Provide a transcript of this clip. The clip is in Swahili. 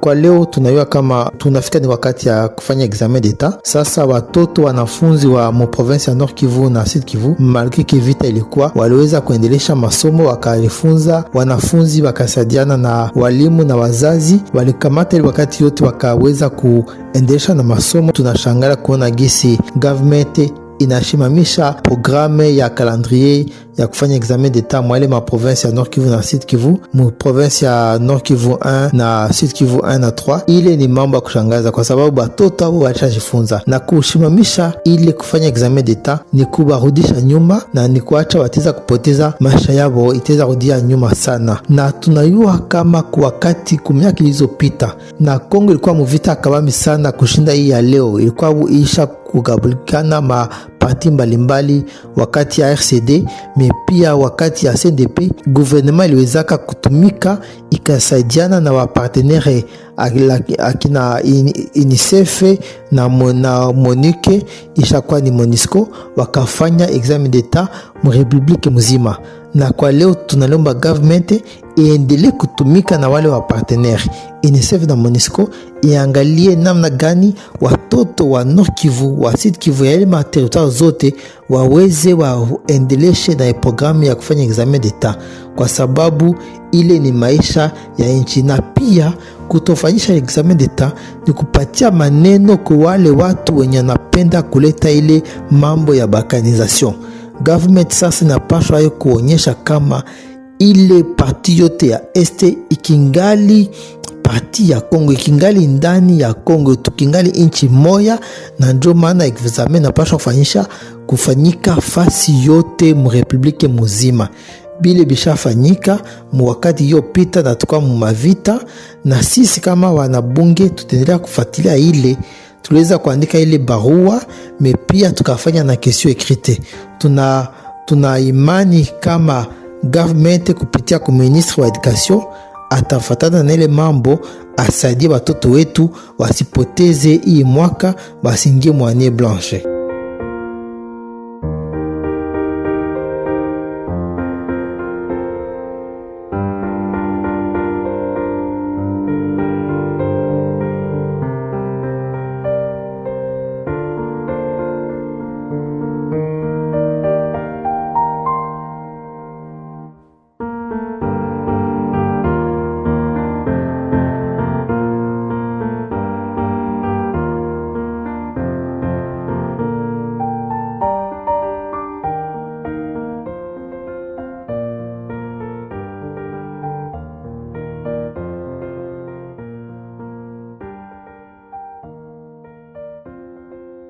Kwa leo tunajua kama tunafika ni wakati ya kufanya examen d'etat. Sasa watoto wanafunzi wa muprovinsi ya Nord Kivu na Sud Kivu, malgre ke ilikuwa, waliweza kuendelesha masomo, wakalifunza wanafunzi, wakasaidiana na walimu na wazazi, walikamata ili wakati yote wakaweza kuendelesha na masomo. Tunashangala kuona gisi government inashimamisha programe ya calendrier ya kufanya examen deta mwaile ma province ya Nord Kivu na Sud Kivu, province ya Nord Kivu 1 na Sud Kivu 1 na 3. Ile ni mambo ya kushangaza kwa sababu batoto ao walishajifunza, na kushimamisha ile kufanya examen deta ni kubarudisha nyuma na ni kuacha wateza kupoteza maisha yao, iteza rudia nyuma sana, na tunayua kama kwa wakati kumiaka ilizopita na Kongo ilikuwa muvita akabami sana kushinda hii ya leo, ilikuwa isha kugabulikana ma parti mbalimbali wakati ya RCD me pia wakati ya CNDP, gouvernement iliwezaka kutumika ikasaidiana na wapartenere akina UNICEF na, na MONUC ishakuwa ni MONUSCO wakafanya examen d'etat mrepublike mzima, na kwa leo tunalomba government iendelee kutumika na wale wa partenaire UNICEF na MONUSCO, iangalie namna gani watoto wa Nord Kivu, wa Sud Kivu, ya ile zote waweze waendeleshe na programu ya kufanya examen d'etat, kwa sababu ile ni maisha ya nchi, na pia kutofanyisha examen d'etat ni kupatia maneno kwa wale watu wenye wanapenda kuleta ile mambo ya balkanization government sasa inapashwa ye kuonyesha kama ile parti yote ya este ikingali parti ya Kongo, ikingali ndani ya Kongo, tukingali nchi moya, na ndio maana examen inapashwa kufanyisha kufanyika fasi yote murepublike muzima bile bishafanyika muwakati iliyopita, na tukawa mumavita, na sisi kama wanabunge tutaendelea kufuatilia ile tuliweza kuandika ile barua me pia tukafanya na kesio ekrite. Tuna, tuna imani kama government kupitia kwa ministre wa education atafatana na ile mambo asaidie watoto wetu wasipoteze hii mwaka, basingie mwanie blanche.